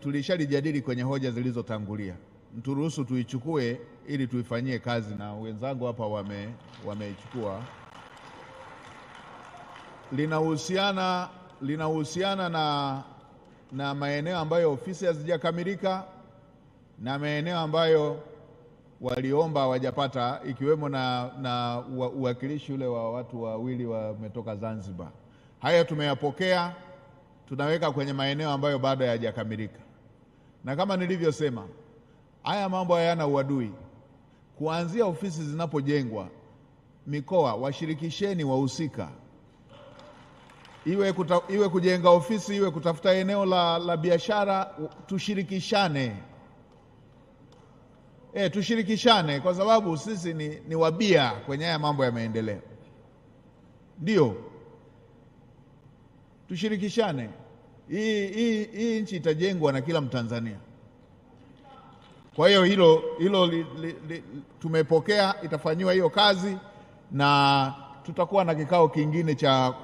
tulishalijadili kwenye hoja zilizotangulia, mturuhusu tuichukue ili tuifanyie kazi, na wenzangu hapa wame wameichukua. Linahusiana linahusiana na, na maeneo ambayo ofisi hazijakamilika na maeneo ambayo waliomba hawajapata, ikiwemo na, na uwakilishi ule wa watu wawili wametoka Zanzibar. Haya tumeyapokea tunaweka kwenye maeneo ambayo bado hayajakamilika. Na kama nilivyosema, haya mambo hayana uadui. Kuanzia ofisi zinapojengwa mikoa, washirikisheni wahusika, iwe, iwe kujenga ofisi, iwe kutafuta eneo la, la biashara, tushirikishane. E, tushirikishane kwa sababu sisi ni, ni wabia kwenye haya mambo ya maendeleo. Ndio, tushirikishane hii, hii, hii nchi itajengwa na kila Mtanzania. Kwa hiyo hilo, hilo li, li, li, tumepokea, itafanyiwa hiyo kazi na tutakuwa na kikao kingine cha,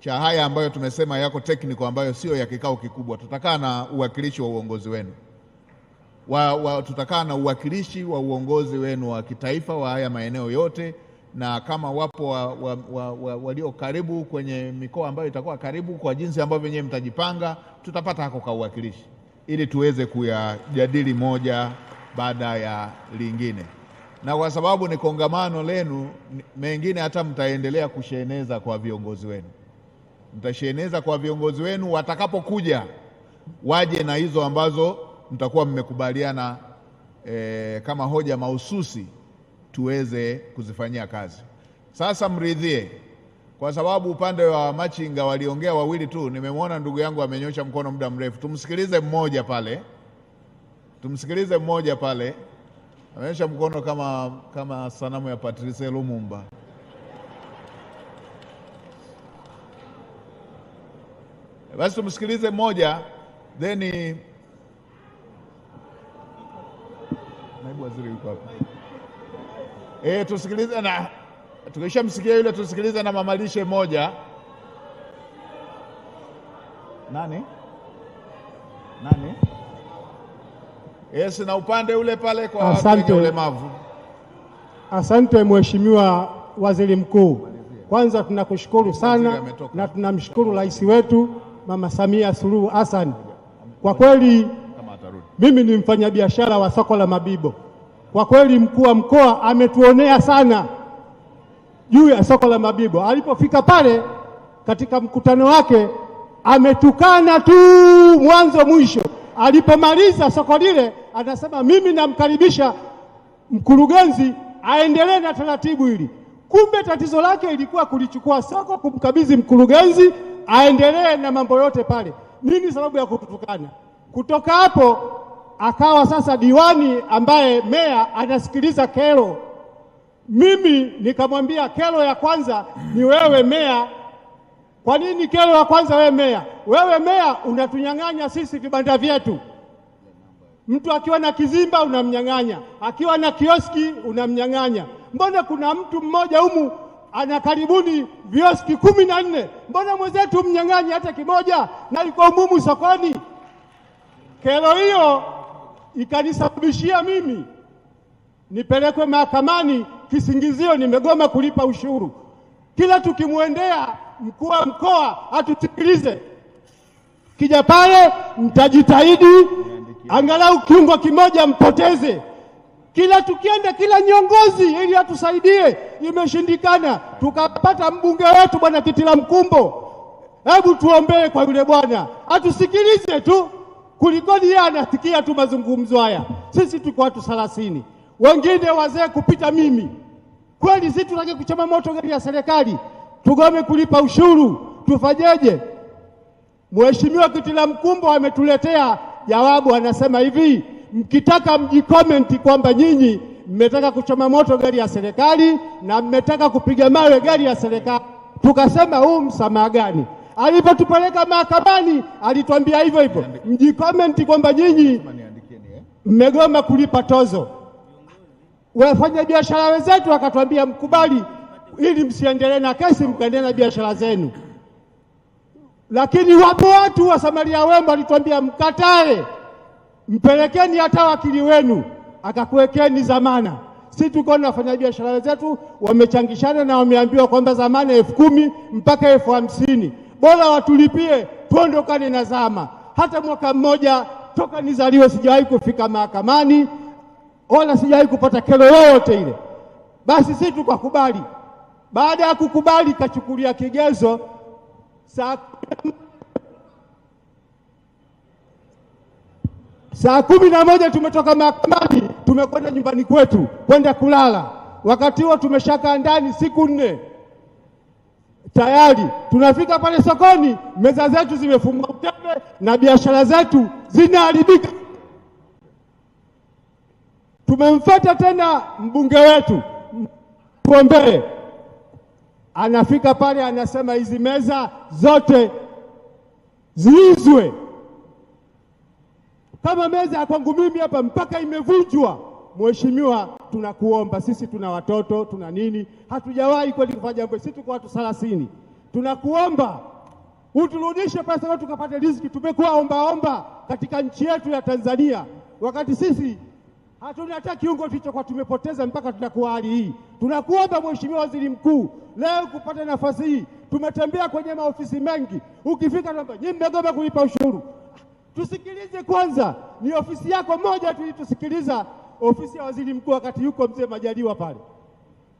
cha haya ambayo tumesema yako tekniko ambayo sio ya kikao kikubwa. Tutakaa na uwakilishi wa uongozi wenu wa, wa, tutakaa na uwakilishi wa uongozi wenu wa kitaifa wa haya maeneo yote na kama wapo walio wa, wa, wa, walio karibu kwenye mikoa ambayo itakuwa karibu, kwa jinsi ambavyo wenyewe mtajipanga, tutapata hako ka uwakilishi ili tuweze kuyajadili moja baada ya lingine, na kwa sababu ni kongamano lenu, mengine hata mtaendelea kusheneza kwa viongozi wenu, mtasheneza kwa viongozi wenu watakapokuja, waje na hizo ambazo mtakuwa mmekubaliana eh, kama hoja mahususi tuweze kuzifanyia kazi. Sasa mridhie, kwa sababu upande wa machinga waliongea wawili tu. Nimemwona ndugu yangu amenyosha mkono muda mrefu, tumsikilize mmoja pale, tumsikilize mmoja pale, amenyosha mkono kama, kama sanamu ya Patrice Lumumba. Basi tumsikilize mmoja then Naibu waziri yuko hapa e, tusikilize na tukishamsikia yule tusikilize na mamalishe moja nani nani yes, na upande ule pale kwa asante, ulemavu. Asante Mheshimiwa Waziri Mkuu, kwanza tunakushukuru sana na tunamshukuru rais wetu Mama Samia Suluhu Hassan. Kwa kweli mimi ni mfanyabiashara wa soko la Mabibo. Kwa kweli mkuu wa mkoa ametuonea sana juu ya soko la Mabibo. Alipofika pale katika mkutano wake ametukana tu mwanzo mwisho. Alipomaliza soko lile, anasema mimi namkaribisha mkurugenzi aendelee na taratibu hili. Kumbe tatizo lake ilikuwa kulichukua soko kumkabidhi mkurugenzi aendelee na mambo yote pale. Nini sababu ya kututukana? Kutoka hapo akawa sasa diwani ambaye meya anasikiliza kero. Mimi nikamwambia kero ya kwanza ni wewe meya. Kwa nini kero ya kwanza wewe meya? Wewe meya unatunyang'anya sisi vibanda vyetu. Mtu akiwa na kizimba unamnyang'anya, akiwa na kioski unamnyang'anya. Mbona kuna mtu mmoja humu ana karibuni vioski kumi na nne? Mbona mwenzetu mnyang'anyi hata kimoja na iko mumu sokoni? Kero hiyo ikanisababishia mimi nipelekwe mahakamani kisingizio nimegoma kulipa ushuru. Kila tukimwendea mkuu wa mkoa atusikilize, kija pale mtajitahidi angalau kiungo kimoja mpoteze. Kila tukienda kila nyongozi ili atusaidie, imeshindikana. Tukapata mbunge wetu bwana Kitila Mkumbo, hebu tuombee kwa yule bwana atusikilize tu. Kulikoni yeye anasikia tu mazungumzo haya, sisi tuko watu thelathini, wengine wazee kupita mimi. Kweli sisi tutake kuchoma moto gari ya serikali? Tugome kulipa ushuru? Tufanyeje? Mheshimiwa Kitila Mkumbo ametuletea jawabu, anasema hivi, mkitaka mjikomenti kwamba nyinyi mmetaka kuchoma moto gari ya serikali na mmetaka kupiga mawe gari ya serikali. Tukasema huu msamaha gani? Alipotupeleka mahakamani alituambia hivyo hivyo, mjikomenti kwamba nyinyi mmegoma kulipa tozo. Wafanya biashara wenzetu wakatuambia mkubali, ili msiendelee na kesi, mkaendelee na biashara zenu. Lakini wapo watu wa Samaria wema walituambia mkatae, mpelekeni hata wakili wenu akakuwekeni zamana. Si tuko na wafanyabiashara wenzetu wamechangishana na wameambiwa kwamba zamana elfu kumi mpaka elfu hamsini bora watulipie tuondokane na zama. Hata mwaka mmoja toka nizaliwe sijawahi kufika mahakamani wala sijawahi kupata kero yoyote ile. Basi sisi tukakubali. Baada ya kukubali, kachukulia kigezo saa saa kumi na moja tumetoka mahakamani, tumekwenda nyumbani kwetu kwenda kulala. Wakati huo tumeshakaa ndani siku nne tayari tunafika pale sokoni, meza zetu zimefungwa utepe na biashara zetu zinaharibika. Tumemfuata tena mbunge wetu Mpombee, anafika pale anasema hizi meza zote ziuzwe. Kama meza ya kwangu mimi hapa mpaka imevunjwa Mheshimiwa, tunakuomba sisi tuna watoto tuna nini, hatujawahi kweli kufanya jambo. Sisi tuko watu thelathini, tunakuomba uturudishe pesa zetu tukapate riziki. Tumekuwa ombaomba katika nchi yetu ya Tanzania, wakati sisi hatuna hata kiungo kwa tumepoteza mpaka tunakuwa hali hii. Tunakuomba Mheshimiwa Waziri Mkuu, leo kupata nafasi hii, tumetembea kwenye maofisi mengi, ukifika tunaomba nyinyi mmegoma kulipa ushuru, tusikilize kwanza. Ni ofisi yako moja tulitusikiliza ofisi ya waziri mkuu wakati yuko mzee Majaliwa pale.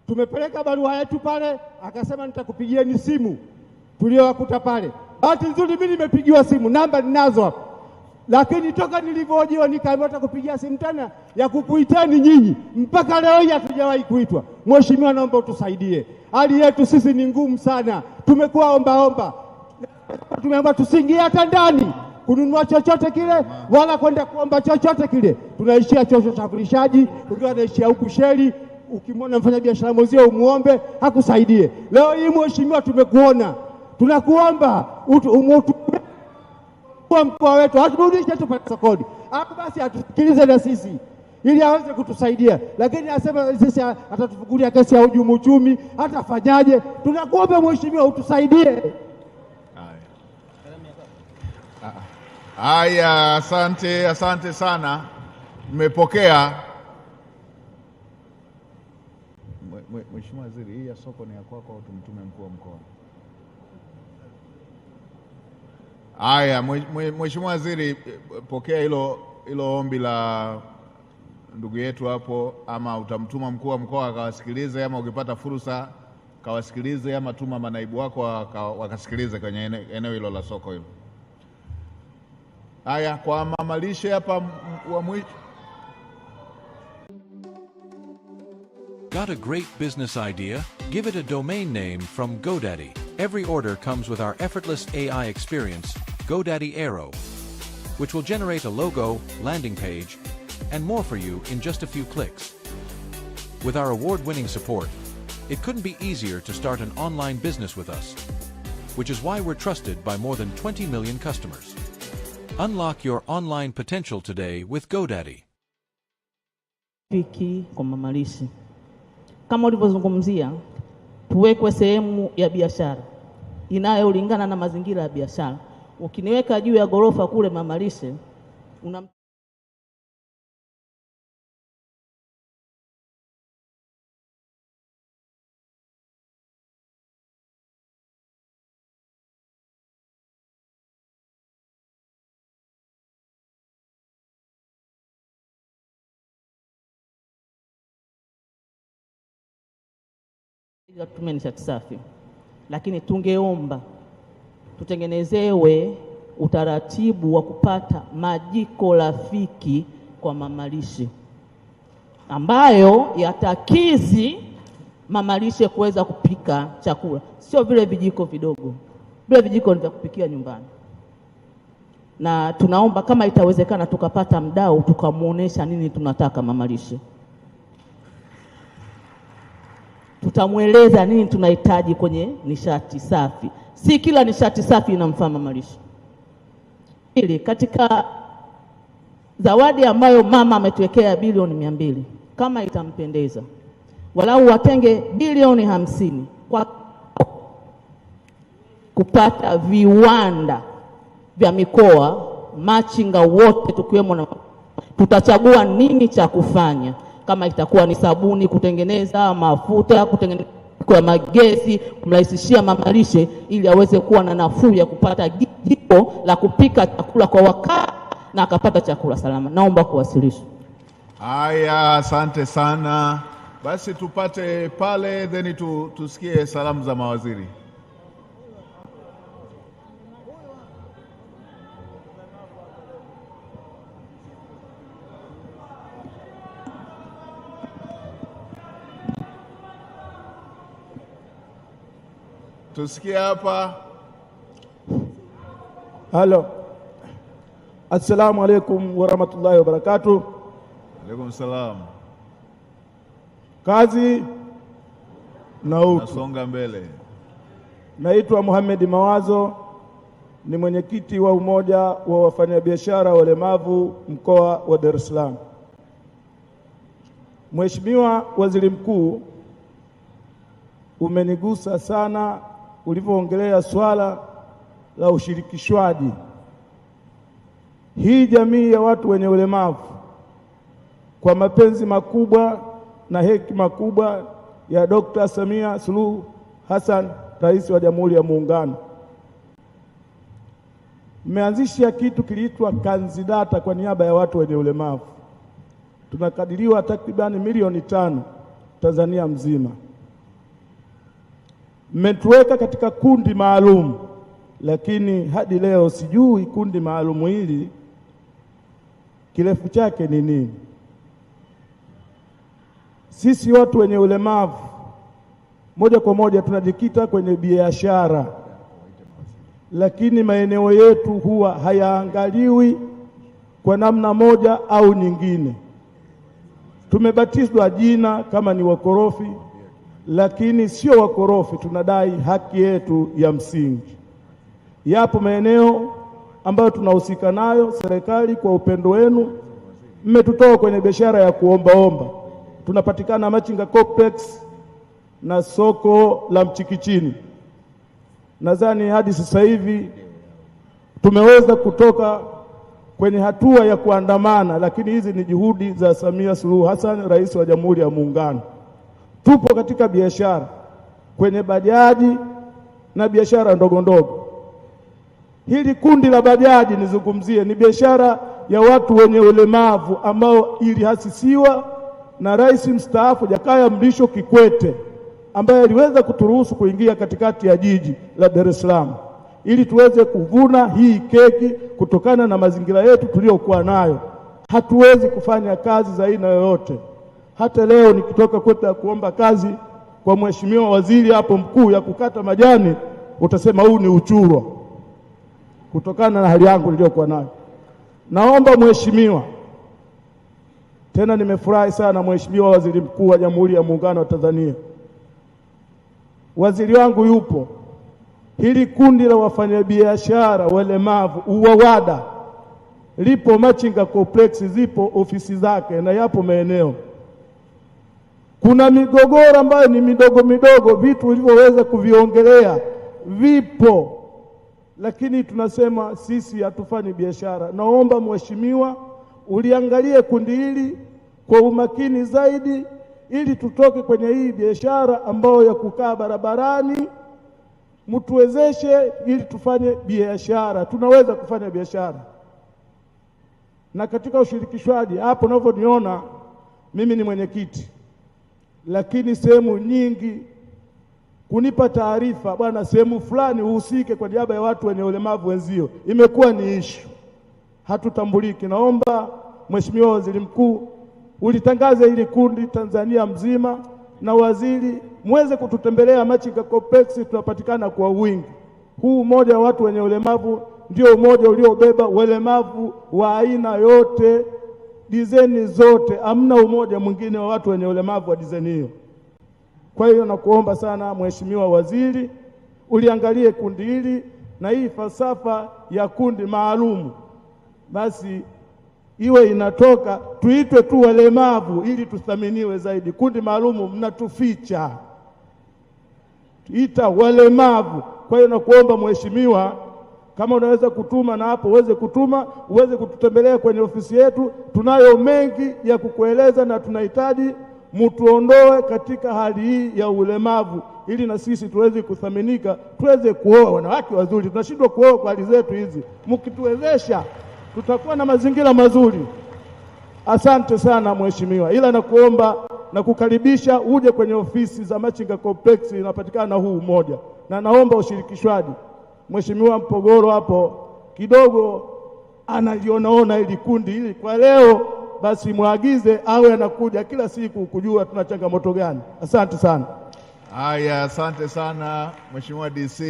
Tumepeleka barua yetu pale, akasema nitakupigieni simu, tuliowakuta pale. Bahati nzuri mimi nimepigiwa simu, namba ninazo hapa, lakini toka nilivyojiwa nikaambiwa nitakupigia simu tena ya kukuitani nyinyi, mpaka leo hii hatujawahi kuitwa. Mheshimiwa, naomba utusaidie, hali yetu sisi ni ngumu sana, tumekuwa ombaomba, tumeomba tusiingie hata ndani kununua chochote kile wala kwenda kuomba chochote kile. Tunaishia chocho cha usafirishaji, ukiwa naishia huku sheli. Ukimwona mfanyabiashara mwenzio umuombe hakusaidie. Leo hii mheshimiwa, tumekuona, tunakuomba a mkoa wetu aturudishe tu pale sokoni, hapo basi atusikilize na sisi ili aweze kutusaidia, lakini asema sisi atatufungulia kesi ya hujumu uchumi, hatafanyaje? Tunakuomba mheshimiwa, utusaidie. Haya, asante, asante sana, Mmepokea Mheshimiwa Waziri, hii ya soko ni ya kwako au tumtume mkuu wa mkoa? Haya, Mheshimiwa Waziri, pokea hilo hilo ombi la ndugu yetu hapo, ama utamtuma mkuu wa mkoa akawasikilize, ama ukipata fursa kawasikilize, ama tuma manaibu wako wakasikilize kwenye eneo hilo la soko hilo. Haya, kwa mama lishe hapa wa mwisho. Got a great business idea? Give it a domain name from GoDaddy. Every order comes with our effortless AI experience, GoDaddy Aero, which will generate a logo, landing page, and more for you in just a few clicks. With our award-winning support, it couldn't be easier to start an online business with us, which is why we're trusted by more than 20 million customers. Unlock your online potential today with GoDaddy. Piki kwa mamalishi, kama ulivyozungumzia, tuwekwe sehemu ya biashara inayolingana na mazingira ya biashara. Ukiniweka juu ya ghorofa kule mamalishe una ya kutumia nishati safi, lakini tungeomba tutengenezewe utaratibu wa kupata majiko rafiki kwa mamalishe ambayo yatakizi mamalishe kuweza kupika chakula, sio vile vijiko vidogo. Vile vijiko ni vya kupikia nyumbani, na tunaomba kama itawezekana tukapata mdau tukamwonyesha nini tunataka mamalishe tutamweleza nini tunahitaji kwenye nishati safi. Si kila nishati safi inamfaa mama lishe. Ili katika zawadi ambayo mama ametuwekea bilioni mia mbili, kama itampendeza walau watenge bilioni hamsini kwa kupata viwanda vya mikoa machinga wote tukiwemo na tutachagua nini cha kufanya kama itakuwa ni sabuni kutengeneza, mafuta kutengeneza kwa magesi, kumrahisishia mamalishe ili aweze kuwa na nafuu ya kupata jiko la kupika chakula kwa wakati na akapata chakula salama. Naomba kuwasilisha haya. Asante sana. Basi tupate pale, then tusikie salamu za mawaziri. tusikie hapa. Halo, assalamu alaikum warahmatullahi wabarakatuh. Alaikum salam. Kazi na utu, nasonga mbele. Naitwa Muhamedi Mawazo, ni mwenyekiti wa umoja wa wafanyabiashara walemavu mkoa wa Dar es Salaam. Mheshimiwa Waziri Mkuu, umenigusa sana ulivyoongelea swala la ushirikishwaji. Hii jamii ya watu wenye ulemavu kwa mapenzi makubwa na hekima kubwa ya Dr. Samia Suluhu Hassan, Rais wa Jamhuri ya Muungano, mmeanzisha kitu kiliitwa Kanzidata kwa niaba ya watu wenye ulemavu. Tunakadiriwa takribani milioni tano Tanzania mzima mmetuweka katika kundi maalum, lakini hadi leo sijui kundi maalum hili kirefu chake ni nini. Sisi watu wenye ulemavu moja kwa moja tunajikita kwenye biashara, lakini maeneo yetu huwa hayaangaliwi kwa namna moja au nyingine. Tumebatizwa jina kama ni wakorofi lakini sio wakorofi, tunadai haki yetu ya msingi. Yapo maeneo ambayo tunahusika nayo. Serikali, kwa upendo wenu, mmetutoa kwenye biashara ya kuombaomba, tunapatikana Machinga Complex na soko la Mchikichini. Nadhani hadi sasa hivi tumeweza kutoka kwenye hatua ya kuandamana, lakini hizi ni juhudi za Samia Suluhu Hassan, Rais wa Jamhuri ya Muungano tupo katika biashara kwenye bajaji na biashara ndogo ndogo. Hili kundi la bajaji nizungumzie, ni biashara ya watu wenye ulemavu ambao ilihasisiwa na Rais mstaafu Jakaya Mrisho Kikwete ambaye aliweza kuturuhusu kuingia katikati ya jiji la Dar es Salaam ili tuweze kuvuna hii keki. Kutokana na mazingira yetu tuliyokuwa nayo, hatuwezi kufanya kazi za aina yoyote. Hata leo nikitoka kwenda kuomba kazi kwa mheshimiwa waziri hapo mkuu ya kukata majani, utasema huu ni uchurwa, kutokana na hali yangu niliyokuwa nayo. Naomba mheshimiwa, tena nimefurahi sana mheshimiwa waziri mkuu wa Jamhuri ya Muungano wa Tanzania, waziri wangu yupo. Hili kundi la wafanyabiashara walemavu UWAWADA lipo Machinga Complex, zipo ofisi zake na yapo maeneo kuna migogoro ambayo ni midogo midogo, vitu ulivyoweza kuviongelea vipo, lakini tunasema sisi hatufanyi biashara. Naomba mheshimiwa, uliangalie kundi hili kwa umakini zaidi, ili tutoke kwenye hii biashara ambayo ya kukaa barabarani, mtuwezeshe ili tufanye biashara. Tunaweza kufanya biashara na katika ushirikishwaji hapo unavyoniona mimi ni mwenyekiti lakini sehemu nyingi kunipa taarifa bwana, sehemu fulani uhusike kwa niaba ya watu wenye ulemavu wenzio, imekuwa ni ishu, hatutambuliki. Naomba Mheshimiwa Waziri Mkuu ulitangaze hili kundi Tanzania mzima, na waziri muweze kututembelea Machinga Complex, tunapatikana kwa wingi. Huu umoja wa watu wenye ulemavu ndio umoja uliobeba walemavu wa aina yote dizeni zote, hamna umoja mwingine wa watu wenye ulemavu wa dizeni hiyo. Kwa hiyo nakuomba sana Mheshimiwa Waziri, uliangalie kundi hili na hii falsafa ya kundi maalumu basi iwe inatoka, tuitwe tu walemavu ili tuthaminiwe zaidi. Kundi maalumu mnatuficha, ita walemavu. Kwa hiyo nakuomba mheshimiwa kama unaweza kutuma na hapo uweze kutuma, uweze kututembelea kwenye ofisi yetu. Tunayo mengi ya kukueleza na tunahitaji mutuondoe katika hali hii ya ulemavu, ili na sisi tuweze kuthaminika, tuweze kuoa wanawake wazuri. Tunashindwa kuoa kwa hali zetu hizi, mkituwezesha tutakuwa na mazingira mazuri. Asante sana mheshimiwa, ila nakuomba na kukaribisha uje kwenye ofisi za Machinga Complex, inapatikana huu moja na naomba ushirikishwaji. Mheshimiwa Mpogoro hapo kidogo analionaona ili kundi hili kwa leo, basi mwagize awe anakuja kila siku kujua tuna changamoto gani. Asante sana. Haya, asante sana Mheshimiwa DC,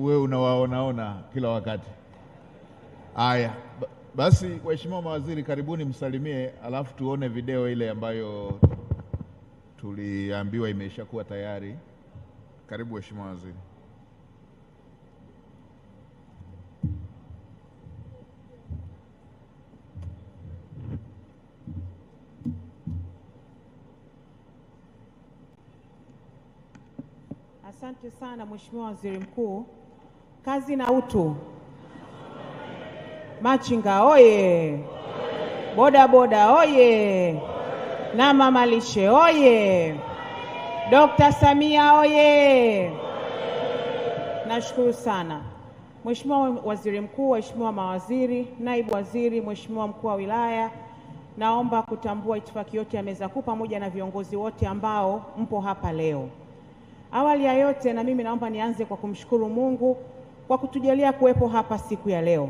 wewe unawaonaona kila wakati. Haya basi, waheshimiwa mawaziri, karibuni msalimie, alafu tuone video ile ambayo tuliambiwa imeshakuwa tayari. Karibu Mheshimiwa Waziri. Asante sana Mheshimiwa Waziri Mkuu. Kazi na utu. Machinga oye! Boda boda oye! Na mama lishe oye! dokta Samia oye! Nashukuru sana Mheshimiwa Waziri Mkuu, waheshimiwa mawaziri, naibu waziri, Mheshimiwa mkuu wa wilaya, naomba kutambua itifaki yote ya meza kuu pamoja na viongozi wote ambao mpo hapa leo. Awali ya yote, na mimi naomba nianze kwa kumshukuru Mungu kwa kutujalia kuwepo hapa siku ya leo,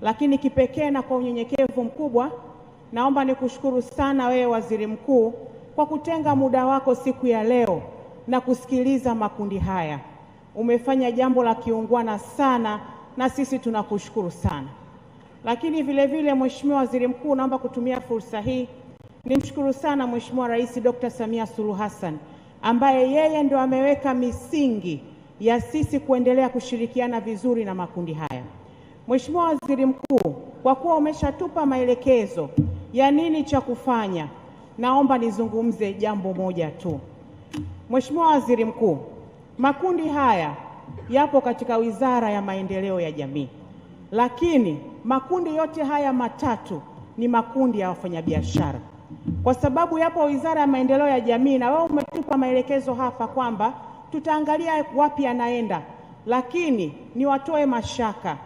lakini kipekee na kwa unyenyekevu mkubwa naomba nikushukuru sana wewe Waziri Mkuu kwa kutenga muda wako siku ya leo na kusikiliza makundi haya. Umefanya jambo la kiungwana sana na sisi tunakushukuru sana. Lakini vile vile, Mheshimiwa Waziri Mkuu, naomba kutumia fursa hii nimshukuru sana Mheshimiwa Rais Dr. Samia Suluhu Hassan ambaye yeye ndo ameweka misingi ya sisi kuendelea kushirikiana vizuri na makundi haya. Mheshimiwa Waziri Mkuu, kwa kuwa umeshatupa maelekezo ya nini cha kufanya, naomba nizungumze jambo moja tu. Mheshimiwa Waziri Mkuu, makundi haya yapo katika Wizara ya Maendeleo ya Jamii, lakini makundi yote haya matatu ni makundi ya wafanyabiashara kwa sababu yapo Wizara ya Maendeleo ya Jamii, na wao umetupa maelekezo hapa kwamba tutaangalia wapi anaenda, lakini niwatoe mashaka,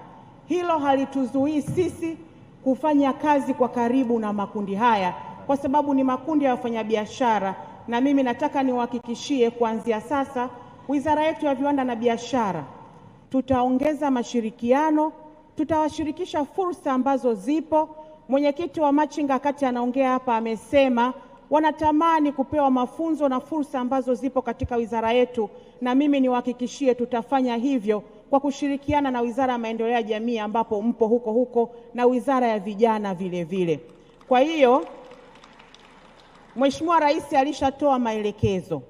hilo halituzuii sisi kufanya kazi kwa karibu na makundi haya, kwa sababu ni makundi ya wafanyabiashara, na mimi nataka niwahakikishie kuanzia sasa Wizara yetu ya Viwanda na Biashara tutaongeza mashirikiano, tutawashirikisha fursa ambazo zipo Mwenyekiti wa machinga kati anaongea hapa, amesema wanatamani kupewa mafunzo na fursa ambazo zipo katika wizara yetu, na mimi niwahakikishie tutafanya hivyo kwa kushirikiana na Wizara ya Maendeleo ya Jamii ambapo mpo huko huko na Wizara ya Vijana vile vile. Kwa hiyo Mheshimiwa Rais alishatoa maelekezo.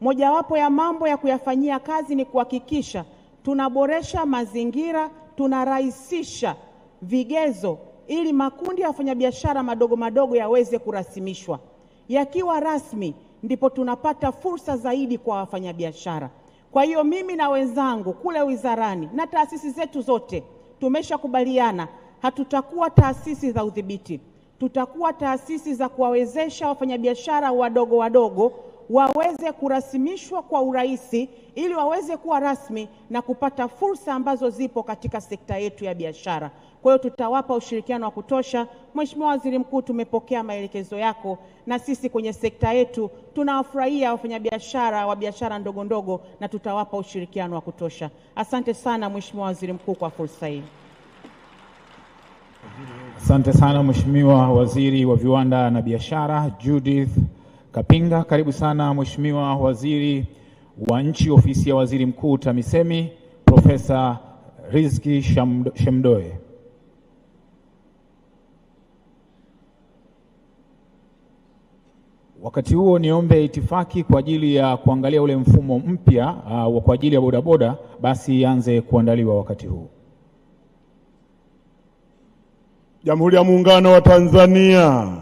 Mojawapo ya mambo ya kuyafanyia kazi ni kuhakikisha tunaboresha mazingira, tunarahisisha vigezo ili makundi ya wafanyabiashara madogo madogo yaweze kurasimishwa. Yakiwa rasmi, ndipo tunapata fursa zaidi kwa wafanyabiashara. Kwa hiyo mimi na wenzangu kule wizarani na taasisi zetu zote tumeshakubaliana, hatutakuwa taasisi za udhibiti, tutakuwa taasisi za kuwawezesha wafanyabiashara wadogo wadogo waweze kurasimishwa kwa urahisi ili waweze kuwa rasmi na kupata fursa ambazo zipo katika sekta yetu ya biashara. Kwa hiyo tutawapa ushirikiano wa kutosha. Mheshimiwa Waziri Mkuu, tumepokea maelekezo yako, na sisi kwenye sekta yetu tunawafurahia wafanyabiashara wa biashara ndogo ndogo na tutawapa ushirikiano wa kutosha. Asante sana Mheshimiwa Waziri Mkuu kwa fursa hii. Asante sana Mheshimiwa Waziri wa Viwanda na Biashara Judith Kapinga. Karibu sana Mheshimiwa Waziri wa Nchi, Ofisi ya Waziri Mkuu TAMISEMI, Profesa Rizki Shemdoe. Wakati huo niombe itifaki kwa ajili ya kuangalia ule mfumo mpya uh, kwa ajili ya bodaboda basi ianze kuandaliwa wakati huu. Jamhuri ya Muungano wa Tanzania,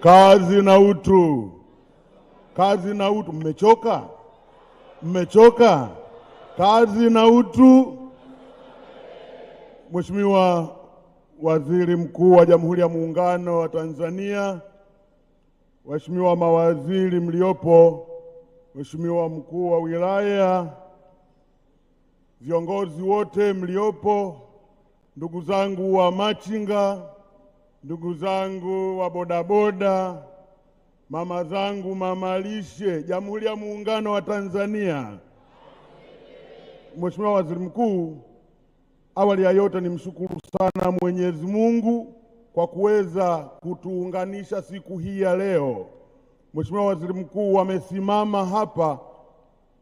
kazi na utu, kazi na utu. Mmechoka? Mmechoka? Kazi na utu. Mheshimiwa Waziri Mkuu wa Jamhuri ya Muungano wa Tanzania waheshimiwa mawaziri mliopo, mheshimiwa mkuu wa wilaya, viongozi wote mliopo, ndugu zangu wa machinga, ndugu zangu wa bodaboda, mama zangu mamalishe, Jamhuri ya Muungano wa Tanzania. Mheshimiwa Waziri Mkuu, awali ya yote nimshukuru sana Mwenyezi Mungu kwa kuweza kutuunganisha siku hii ya leo. Mheshimiwa Waziri Mkuu, wamesimama hapa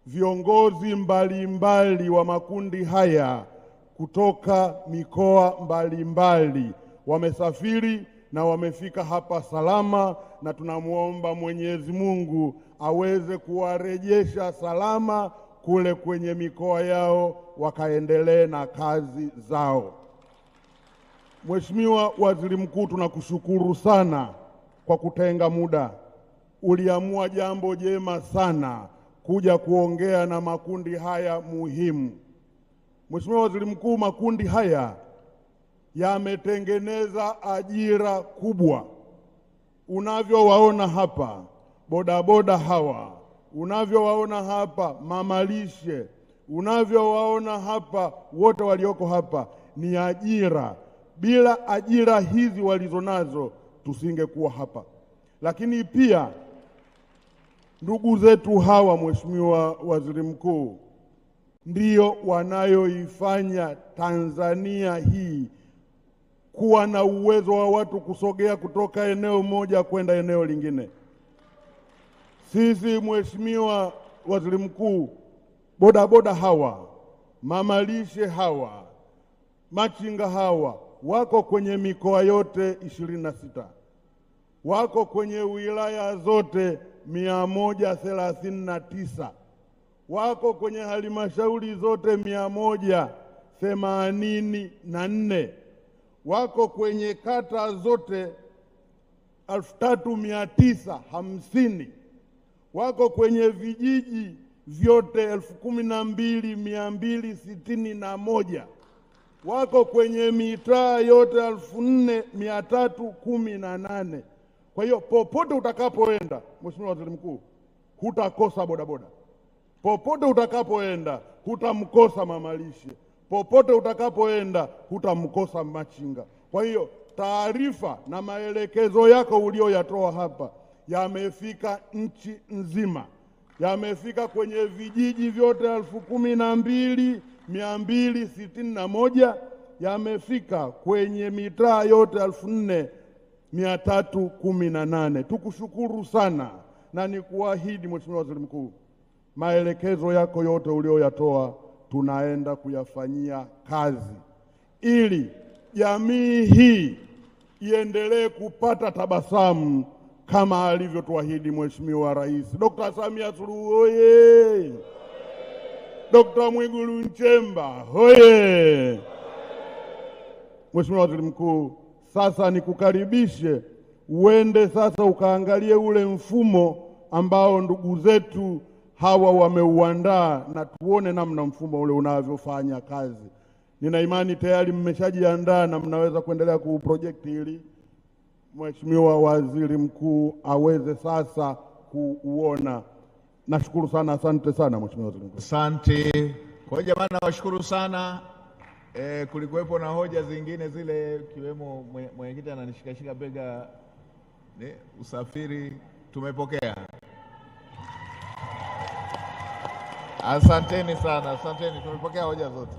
viongozi mbalimbali mbali wa makundi haya kutoka mikoa mbalimbali mbali. Wamesafiri na wamefika hapa salama, na tunamwomba Mwenyezi Mungu aweze kuwarejesha salama kule kwenye mikoa yao, wakaendelee na kazi zao. Mheshimiwa Waziri Mkuu, tunakushukuru sana kwa kutenga muda. Uliamua jambo jema sana kuja kuongea na makundi haya muhimu. Mheshimiwa Waziri Mkuu, makundi haya yametengeneza ajira kubwa. Unavyowaona hapa bodaboda hawa, unavyowaona hapa mamalishe, unavyowaona hapa wote walioko hapa ni ajira bila ajira hizi walizonazo tusingekuwa hapa. Lakini pia ndugu zetu hawa, Mheshimiwa Waziri Mkuu, ndio wanayoifanya Tanzania hii kuwa na uwezo wa watu kusogea kutoka eneo moja kwenda eneo lingine. Sisi Mheshimiwa Waziri Mkuu, bodaboda hawa, mamalishe hawa, machinga hawa wako kwenye mikoa yote ishirini na sita wako kwenye wilaya zote mia moja thelathini na tisa wako kwenye halmashauri zote mia moja themanini na nne wako kwenye kata zote elfu tatu mia tisa hamsini wako kwenye vijiji vyote elfu kumi na mbili mia mbili sitini na moja wako kwenye mitaa yote elfu nne mia tatu kumi na nane. Kwa hiyo popote utakapoenda, Mheshimiwa Waziri Mkuu, hutakosa bodaboda. Popote utakapoenda hutamkosa mamalishe. Popote utakapoenda hutamkosa machinga. Kwa hiyo taarifa na maelekezo yako uliyoyatoa hapa yamefika nchi nzima, yamefika kwenye vijiji vyote elfu kumi na mbili mia mbili sitini na moja yamefika kwenye mitaa yote elfu nne mia tatu kumi na nane. Tukushukuru sana na nikuahidi Mheshimiwa Waziri Mkuu, maelekezo yako yote uliyoyatoa tunaenda kuyafanyia kazi ili jamii hii iendelee kupata tabasamu kama alivyotuahidi Mheshimiwa Rais Dr. Samia Suluhu oye! Dr. Mwigulu Nchemba hoye! Mheshimiwa Waziri Mkuu, sasa nikukaribishe uende sasa ukaangalie ule mfumo ambao ndugu zetu hawa wameuandaa na tuone namna mfumo ule unavyofanya kazi. Nina imani tayari mmeshajiandaa na mnaweza kuendelea kuuprojekti hili Mheshimiwa Waziri Mkuu aweze sasa kuuona. Nashukuru sana, asante sana mheshimiwa waziri mkuu. Asante kwa hiyo jamani, nawashukuru sana e, kulikuwepo na hoja zingine zile, ikiwemo mwenyekiti ananishikashika bega ne, usafiri tumepokea. Asanteni sana, asanteni, tumepokea hoja zote.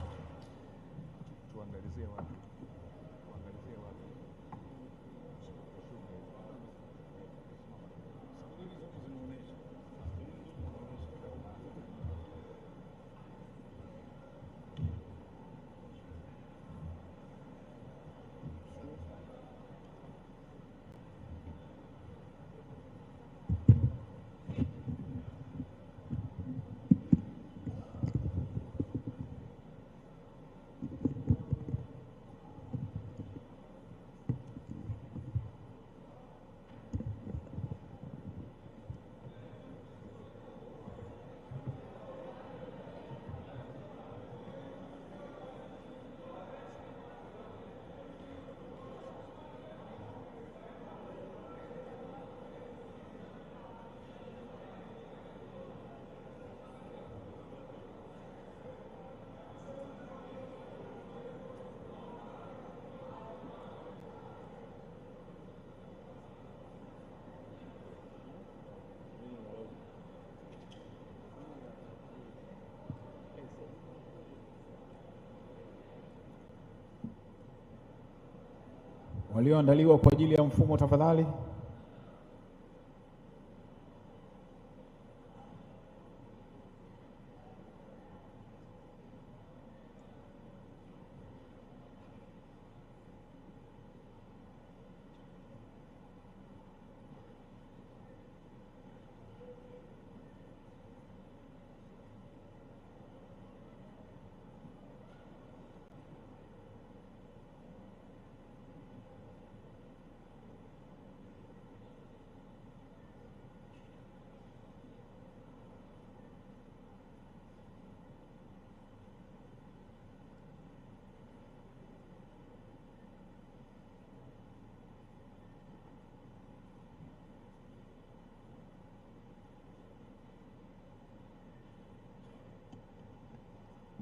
walioandaliwa kwa ajili ya mfumo, tafadhali.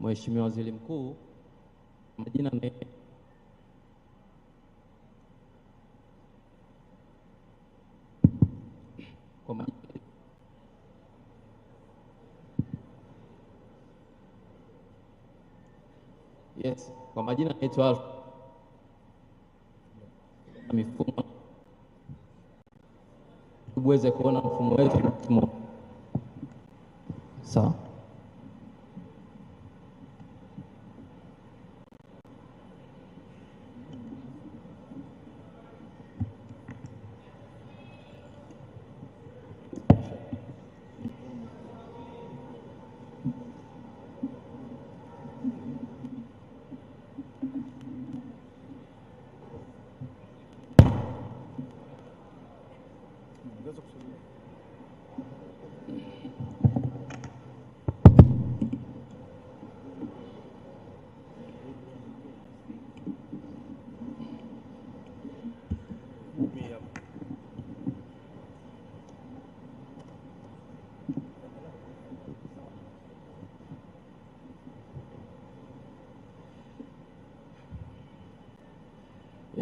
Mheshimiwa Waziri Mkuu, majina na kwa majina Yes, kwa majina naitwa mifumo tuweze kuona mfumo wetu sawa.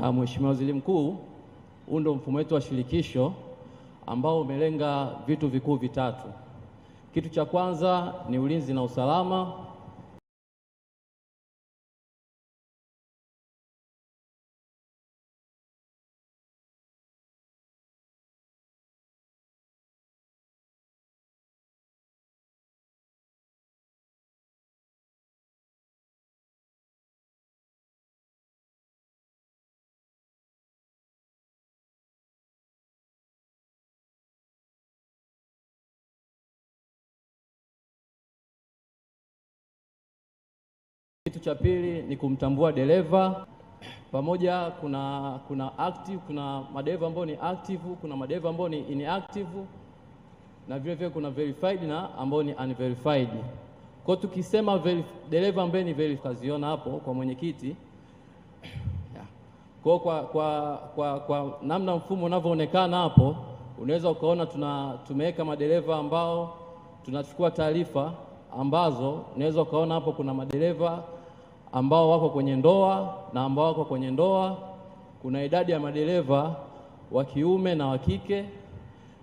Ah, Mheshimiwa Waziri Mkuu, huu ndio mfumo wetu wa shirikisho ambao umelenga vitu vikuu vitatu. Kitu cha kwanza ni ulinzi na usalama. Kitu cha pili ni kumtambua dereva pamoja. Kuna kuna active, kuna madereva ambao ni active, kuna madereva ambao ni inactive na vile vile kuna verified na ambao ni unverified. Kwa tukisema dereva ambaye ni verified, kaziona hapo kwa mwenyekiti kwa, kwa, kwa, kwa, kwa namna mfumo unavyoonekana hapo, unaweza ukaona tuna tumeweka madereva ambao tunachukua taarifa ambazo unaweza ukaona hapo kuna madereva ambao wako kwenye ndoa na ambao wako kwenye ndoa. Kuna idadi ya madereva wa kiume na wa kike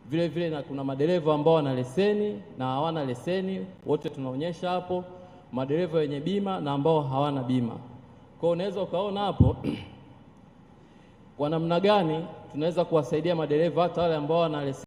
vile vile, na kuna madereva ambao wana leseni na hawana leseni, wote tunaonyesha hapo, madereva wenye bima na ambao hawana bima. Kwa unaweza ukaona hapo kwa namna gani tunaweza kuwasaidia madereva hata wale ambao wana leseni